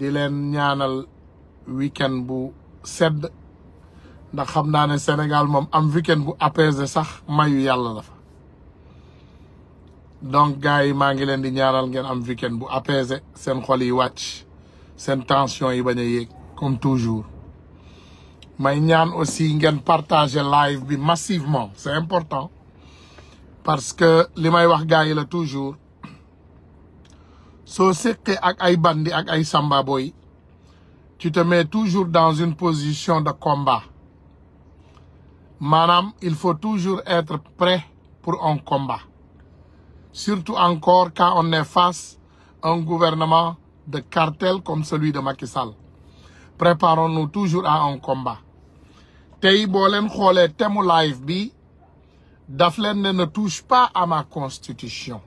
di leen ñaanal weekend bu sedd ndax xam naa ne Sénégal moom am weekend bu apaisé sax mayu yàlla la fa donc gars yi maa ngi leen di ñaanal ngeen am weekend bu apaisé seen xol yi wàcc seen tension yi bañ a yéeg comme toujours may ñaan aussi ngeen partager live bi massivement c'est important parce que li may wax gars yi la toujours soo seqee ak ay bandi ak ay samba boy tu te mets toujours dans une position de combat maanaam il faut toujours être prêt pour un combat surtout encore quand on est face à un gouvernement de cartel comme celui de Macky Sall préparons-nous toujours à un combat tey boo leen xoolee thème live bi daf leen ne ne touche pas à ma constitution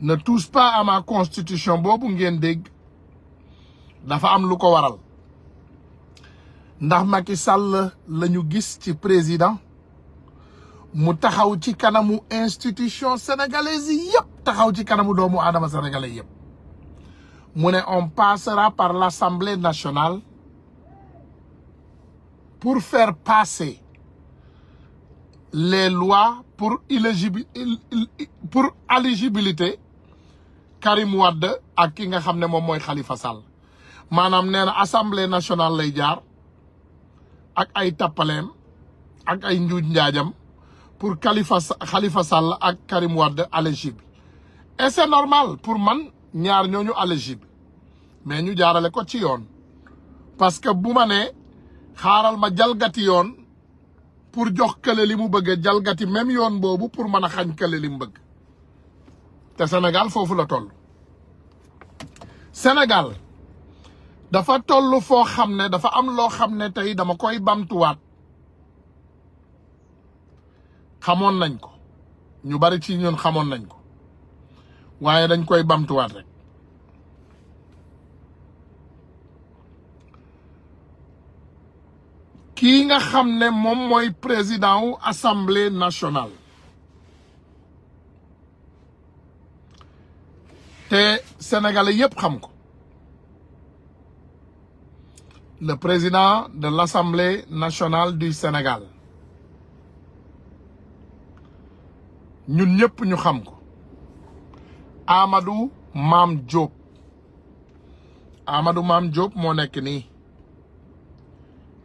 ne touche pas à ma constitution boobu ngeen dégg dafa am lu ko waral ndax Macky Sall la ñu gis ci président mu taxaw ci kanamu institution sénégalaise yëpp taxaw ci kanamu doomu aadama sénégalais yëpp mu ne on passera par l'Assemblée nationale pour faire passer les lois pour éligibilité pour éligibilité Karim Wade ak ki nga xam ne moom mooy xalifa Sall maanaam nee na assemblée nationale lay jaar ak ay tappaleem ak ay njuuj njaajam pour Khalifa Khalifa Sall ak Karim Wade allergie bi et c'est normal pour man ñaar ñooñu allergie bi mais ñu jaarale ko ci yoon parce que bu ma nee xaaral ma jalgati yoon pour jox kële li mu bëggee jalgati même yoon boobu pour mën a xañ kële li mu bëgg te Sénégal foofu la toll Sénégal dafa toll foo xam ne dafa am loo xam ne tey dama koy bamtuwaat xamoon nañ ko ñu bari ci ñun xamoon nañ ko waaye dañ koy bamtuwaat rek kii nga xam ne moom mooy président wu assemblée nationale sénégalais yëpp xam ko le président de l'Assemblée nationale du Sénégal ñun ñëpp ñu xam ko Amadou Mame Diop Amadou Mame Diop moo nekk ni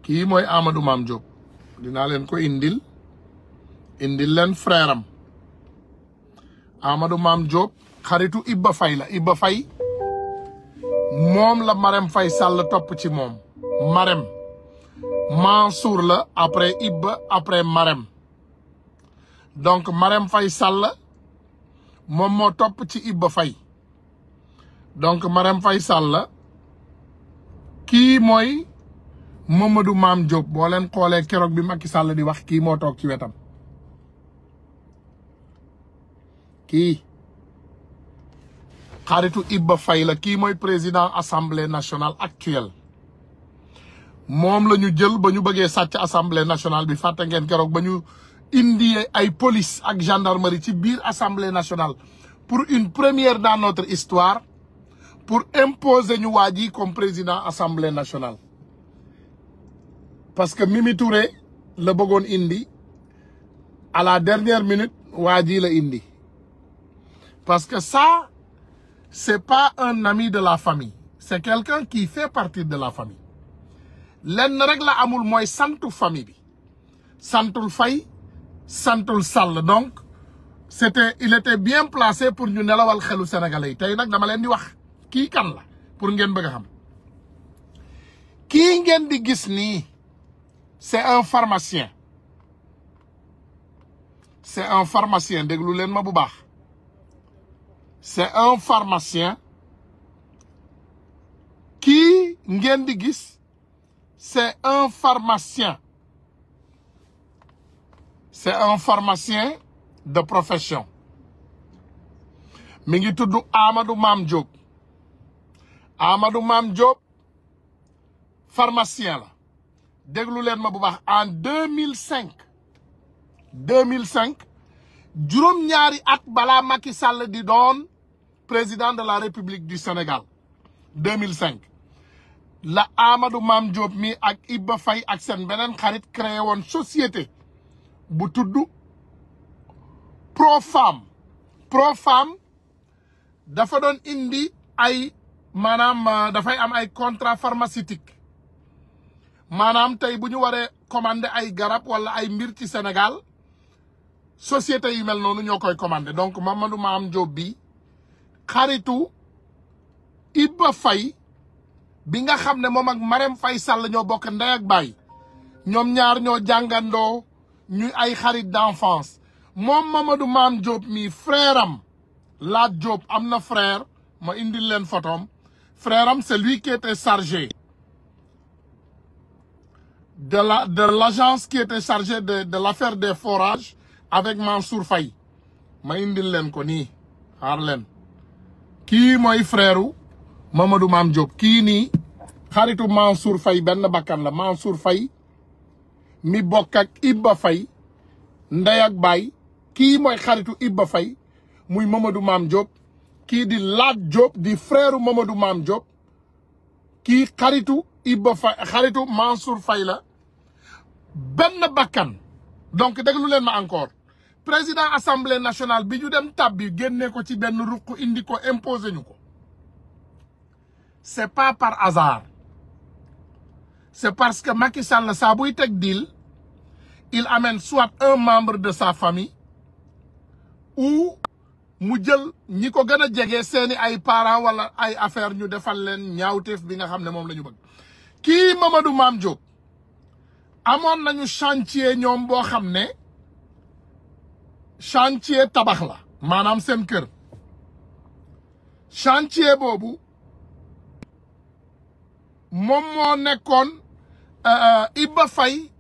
kii mooy Amadou Mame Diop dinaa leen ko indil indil leen frère am Amadou Mame Diop xaritu Ibba Faye la Ibba Faye moom la Marème fay Sall topp ci moom Marème Mansour la après Ibba après Marème donc Marème fay Sall moom moo topp ci Ibba Faye donc Marème Faye Sall kii mooy Mamadou Maam Diop boo leen xoolee keroog bi Macky Sall di wax kii moo toog ci wetam kii xaritu ba fay la kii mooy président assemblée nationale actuelle moom la ñu jël ba ñu bëggee sàcc assemblée nationale bi fàtte ngeen keroog ba ñu indi ay police ak gendarmerie ci biir assemblée nationale pour une première dans notre histoire pour imposer ñu waa ji comme président assemblée nationale. parce que Mimi Touré la bëggoon indi à la dernière minute waa ji la indi parce que ça. c'est pas un ami de la famille c'est quelqu'un qui fait parti de la famille lenn rek la amul mooy santu famille bi santul fay santul sàll donc c'était il était bien placé pour ñu nelawal xelu sénégalais yi tey nag dama leen di wax kii kan la pour ngeen bëgg a xam kii ngeen di gis nii c'est un pharmacien c'est un pharmacien déglu leen ma bu baax c'est un pharmacien kii ngeen di gis c'est un pharmacien c'est un pharmacien de profession mi ngi tudd Amadou Mam Diop Amadou Mam Diop pharmacien la déglu leen ma bu baax en deux mille cinq deux cinq juróom-ñaari at balaa Macky Sall di doon président de la république du Sénégal 2005 la Amadou maam Diop mi ak Iba fay ak seen beneen xarit créé woon société bu tudd Profam Profam dafa doon indi ay maanaam euh, dafay am ay contrat pharmaceutique maanaam tey bu ñu waree commander ay garab wala ay mbir ci Sénégal société yu mel noonu ñoo koy commander donc Mamadou maam Diop bi xaritu Iba Faye bi nga xam ne moom ak Marème Faye Sall ñoo bokk ndey ak baay ñoom ñaar ñoo jàngandoo ñuy ay xarit d'enfance moom Mamadou Maam Diop mii frère am Lat am na frère ma indil leen photom frère am c'est lui qui était chargé de la de l'agence qui était de de l'affaire des forages avec Mansour Faye ma indil leen ko nii xaar kii mooy frère Mamadou Mame Diop kii nii xaritu Mansour Faye benn bakkan la Mansour Faye mi bokk ak Ibba Faye ndey ak baay kii mooy xaritu Ibba Faye muy Mamadou Mame Diop kii di Laat Diop di frère Mamadou Mame Diop kii xaritu Ibba fay xaritu Mansour Faye la benn bakkan donc déglu leen ma encore président assemblée nationale bi ñu dem tàbbi génne ko ci benn ruq indi ko imposé ñu ko c'est pas par hasard c'est parce que Macky Sall saa buy teg dil il amène soit un membre de sa famille ou mu jël ñi ko gën a jege seeni ay parents wala ay affaire ñu defal leen ñaawteef bi nga xam ne moom la ñu bëgg kii Mamadou Mame Diop amoon nañu chantier ñoom boo xam ne chantier tabax la maanaam seen kër chantier boobu moom moo nekkoon euh, Iba Faye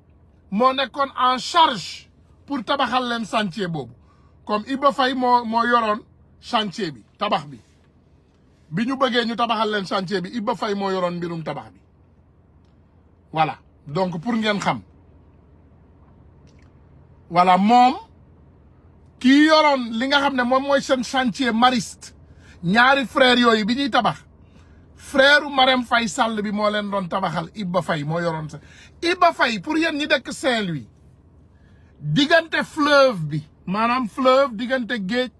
moo nekkoon en charge pour tabaxal leen chantier boobu comme Iba Faye moo moo yoroon chantier bi tabax bi bi ñu bëggee ñu tabaxal leen chantier bi Iba fay moo yoroon mbirum tabax bi voilà donc pour ngeen xam voilà moom kii yoroon li nga xam ne moom mooy seen chantier mariste ñaari frère yooyu bi ñuy tabax frère Marème fay Sall bi moo leen doon tabaxal Ibba fay moo yoroon sa Ibba fay pour yéen ñi dekk Saint-Louis diggante fleuve bi maanaam fleuve diggante géej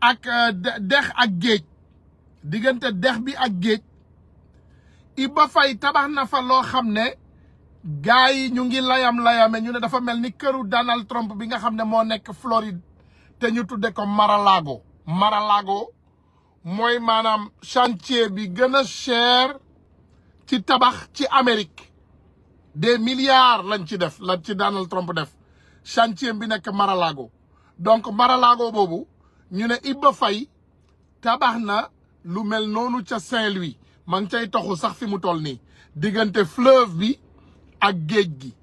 ak euh, dex ak géej diggante dex bi ak géej Ibba Faye tabax na fa loo xam ne gars yi ñu ngi layam-layame ñu ne dafa mel ni këru Donald Trump bi nga xam ne moo nekk Floride te ñu tudde ko mar a mooy maanaam chantier bi gën a cher ci tabax ci Amérique des milliards lañ ci def la ci Donald Trump def chantier bi nekk mar a donc mar a boobu ñu ne Iba Faye tabax na lu mel noonu ca Saint-Louis ma ngi cay toxu sax fi mu toll nii diggante fleuve bi ak géej gi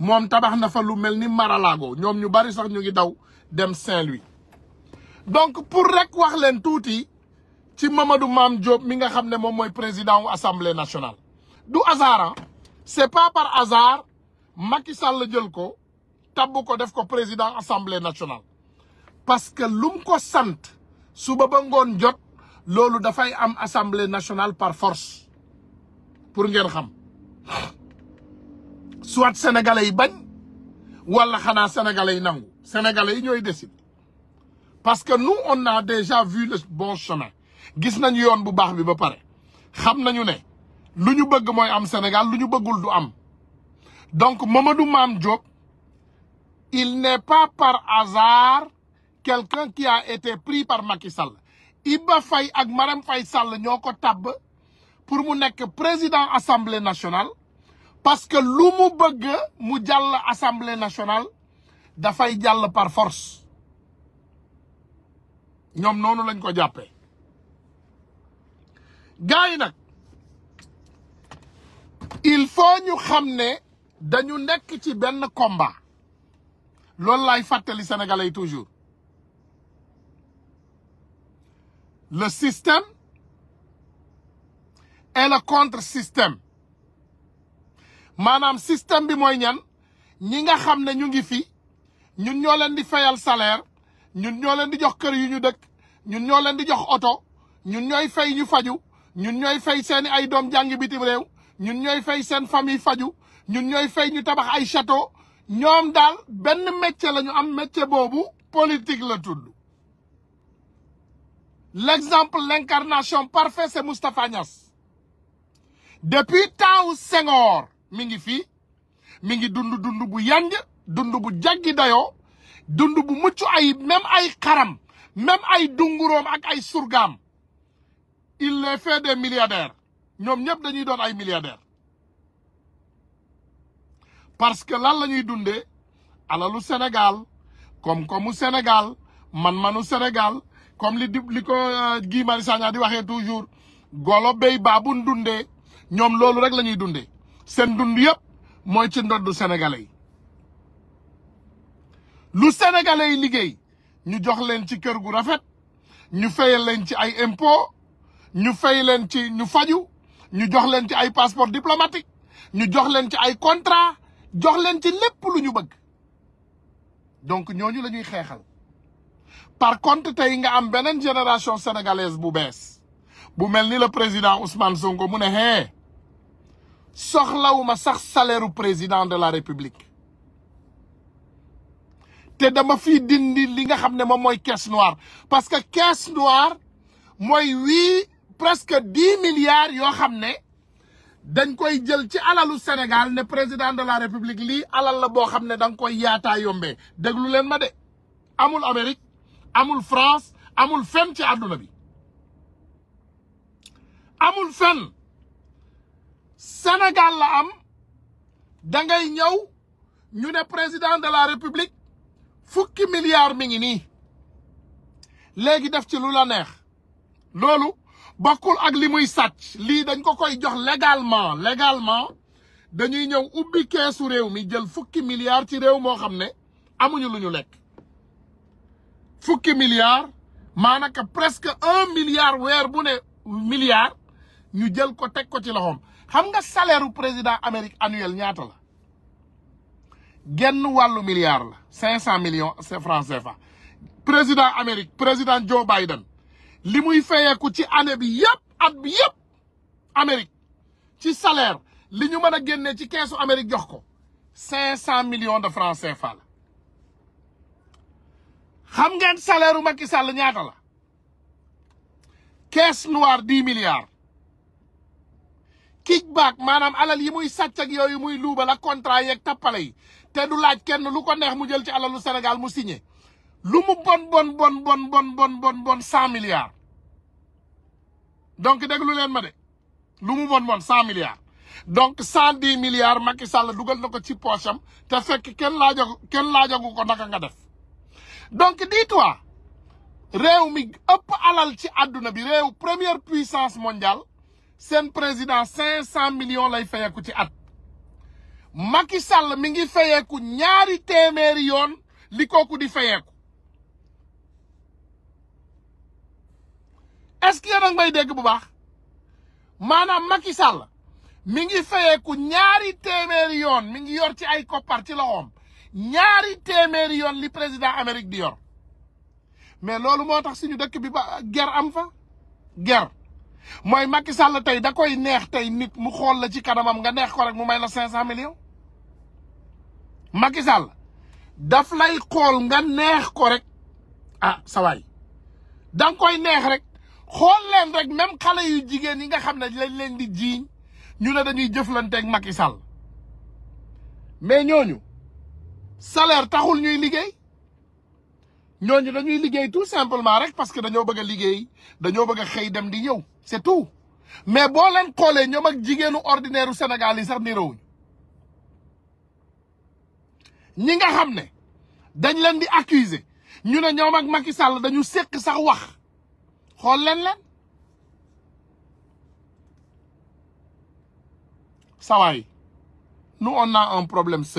moom tabax na fa lu mel ni mar a ñoom ñu bari sax ñu ngi daw dem Saint-Louis donc pour rek wax leen tuuti ci Mamadou maam Diop mi nga xam ne moom mooy président wu assemblée nationale du hasard c'est pas par hasard Macky Sall jël ko tabb ko def ko président assemblée national parce que lum ko sant suba ba ngoon jot loolu dafay am assemblée nationale par force pour ngeen xam soit sénégalais yi bañ wala xanaa sénégalais yi nangu sénégalais yi ñooy décide parce que nous on a déjà vu le bon chemin gis nañu yoon bu baax bi ba pare xam nañu ne lu ñu bëgg mooy am Sénégal lu ñu bëggul du am donc Mamadou Mame Diop il n'est pas par hasard quelqu'un qui a été pris par Macky Sall ba fay ak Marème Faye Sall ñoo ko tabb pour mu nekk président assemblée nationale parce que lu mu bëgg mu jàll assemblée nationale dafay jàll par force ñoom noonu lañ ko jàppe gars yi nag il faut ñu xam ne dañu nekk ci benn combat loolu laay fàttali sénégalais toujours le système et le contre-système maanaam système bi mooy ñan ñi nga xam ne ñu ngi fii ñun ñoo leen di fayal salaire ñun ñoo leen di jox kër yu ñu dëkk ñun ñoo leen di jox oto ñun ñooy fay ñu faju ñun ñooy fay seeni ay doom jàngi bitim réew ñun ñooy fay seen famille faju ñun ñooy fay ñu tabax ay château ñoom daal benn métier lañu am métier boobu politique la tudd l'exemple l'incarnation parfaite c'est Moustapha Niass depuis temps Senghor mi ngi fii mi ngi dund dund bu yanj dund bu jaggi dayoo dund bu mucc ay même ay xaram même ay dunguróom ak ay surgaam il les fait des milliardaires ñoom ñëpp dañuy doon ay milliardaires parce que lan la ñuy dundee alalu Sénégal koom-koomu Sénégal man-manu Sénégal comme li di li ko euh, Guy Marius Sagna di waxee toujours golo béy baabun dundee ñoom loolu rek la ñuy dundee seen dund yëpp mooy ci ndoddu sénégalais yi lu sénégalais yi liggéey ñu jox leen ci kër gu rafet ñu fayal leen ci ay impôt ñu fay leen ci ñu faju ñu jox leen ci ay passeport diplomatique ñu jox leen ci ay contrat jox leen ci lépp lu ñu bëgg donc ñooñu la ñuy xeexal par contre tey nga am beneen génération sénégalaise bu bees bu mel ni le président Ousmane Sonko mu ne hee soxlawuma sax salaire président de la république te dama fi dindi li nga xam ne moom mooy caisse noire parce que caisse noire mooy huit presque dix milliards yoo xam ne dañ koy jël ci alalu Sénégal ne président de la république lii alal la boo xam ne da koy yaata yombe déglu leen ma de amul Amérique amul France amul fen ci adduna bi amul fenn Sénégal la am da ngay ñëw ñu ne président de la république fukki milliards mi ngi nii léegi def ci lu la neex loolu bakul ak li muy sàcc lii dañ ko koy jox légalement légalement dañuy ñëw ubbi keesu réew mi jël fukki milliards ci réew moo xam ne amuñu lu ñu lekk fukki milliards maanaka presque un milliard weer bu ne milliard ñu jël ko teg ko ci loxoom xam nga salaire président Amérique annuel ñaata la genn wàllu milliard la cinq cent millions francs CFA président Amérique président Joe Biden li muy fayeeku ci année bi yëpp at bi yëpp Amérique ci salaire li ñu mën a génnee ci keesu Amérique jox ko cinq cent millions de francs CFA la xam ngeen salaire u Macky Sall ñaata la caisse noire dix milliards kickback maanaam alal yi muy sàcc ak yooyu muy luubal ak contrat yeeg tappale yi te du laaj kenn lu ko neex mu jël ci alalu Sénégal mu signé lu mu bon bon bon bon bon bon bon bon cent milliards donc déglu leen ma de lu mu bon bon cent milliards donc sant dix milliards Macky Sall dugal na ko ci poche am te fekk kenn laajagu kenn laajagu ko naka nga def donc dis-toi réew mi ëpp alal ci adduna bi réew première puissance mondiale seen président cinq cent millions lay fayeeku ci at Macky Sall mi ngi fayeeku ñaari téeméeri yoon li kooku di fayeeku est-ce que yéen may dégg bu baax maanaam Macky Sall mi ngi fayeeku ñaari téeméeri yoon mi ngi yor ci ay koppar ci loxoom ñaari téeméeri yoon li président Amérique di yor mais loolu moo tax suñu dëkk bi ba guerre am fa guerre mooy Macky Sall tey da koy neex tey nit mu xool la ci kanamam nga neex ko rek mu may la cinq cent millions Macky Sall daf lay xool nga neex ko rek ah sawaay da koy neex rek xool leen rek même xale yu jigéen yi nga xam ne lañ leen di jiiñ ñu ne dañuy jëflanteeg Macky Sall mais ñooñu salaire taxul ñuy liggéey ñooñu dañuy liggéey tout simplement rek parce que dañoo bëgg a liggéey dañoo bëgg a xëy dem di ñëw c'est tout mais boo leen xoolee ñoom ak jigéenu ordinaire u Sénégal yi sax niroowuñu ñi nga xam ne dañ leen di accuser ñu ne ñoom mag i Sall dañu séq sax wax xool leen leen sawaay nous on a un problème